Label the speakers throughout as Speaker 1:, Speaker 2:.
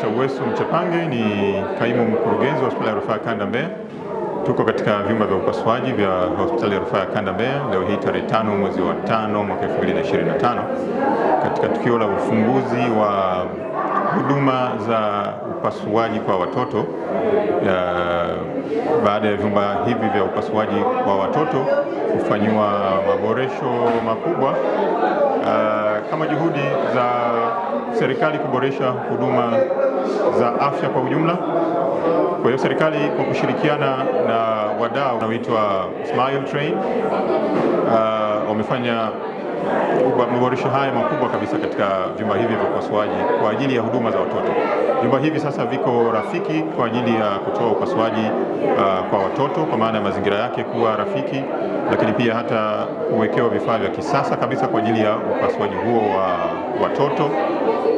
Speaker 1: Dr. Wesu Mchepange ni kaimu mkurugenzi wa hospitali ya rufaa ya kanda Mbeya. Tuko katika vyumba vya upasuaji vya hospitali ya rufaa ya kanda Mbeya leo hii tarehe tano mwezi wa tano mwaka 2025 katika tukio la ufunguzi wa huduma za upasuaji kwa watoto uh, baada ya vyumba hivi vya upasuaji kwa watoto kufanyiwa maboresho makubwa uh, kama juhudi za serikali kuboresha huduma za afya kwa ujumla. Kwa hiyo serikali kwa kushirikiana na wadau wanaoitwa Smile Train wamefanya maboresho haya makubwa kabisa katika vyumba hivi vya upasuaji kwa ajili ya huduma za watoto. Vyumba hivi sasa viko rafiki kwa ajili ya kutoa upasuaji uh, kwa watoto kwa maana ya mazingira yake kuwa rafiki, lakini pia hata kuwekewa vifaa vya kisasa kabisa kwa ajili ya upasuaji huo wa watoto.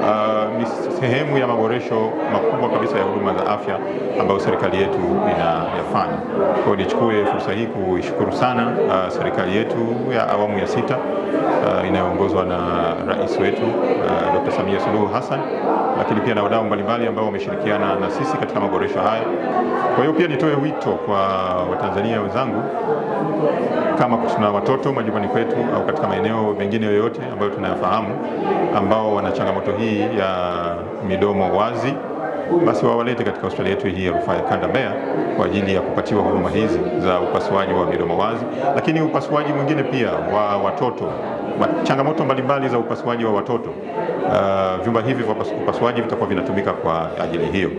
Speaker 1: Uh, ni sehemu ya maboresho makubwa kabisa ya huduma za afya ambayo serikali yetu inayafanya. Kwa hiyo nichukue fursa hii kuishukuru sana uh, serikali yetu ya awamu ya sita inayoongozwa na rais wetu uh, Dr. Samia Suluhu Hassan, lakini pia na wadau mbalimbali ambao wameshirikiana na sisi katika maboresho haya. Kwa hiyo pia nitoe wito kwa Watanzania wenzangu, kama tuna watoto majumbani kwetu au katika maeneo mengine yoyote ambayo tunayafahamu ambao wana changamoto hii ya midomo wazi basi wawalete katika hospitali yetu hii ya rufaa ya kanda Mbeya kwa ajili ya kupatiwa huduma hizi za upasuaji wa midomo wazi, lakini upasuaji mwingine pia wa watoto, changamoto mbalimbali za upasuaji wa watoto. Uh, vyumba hivi vya upasuaji vitakuwa vinatumika kwa ajili hiyo.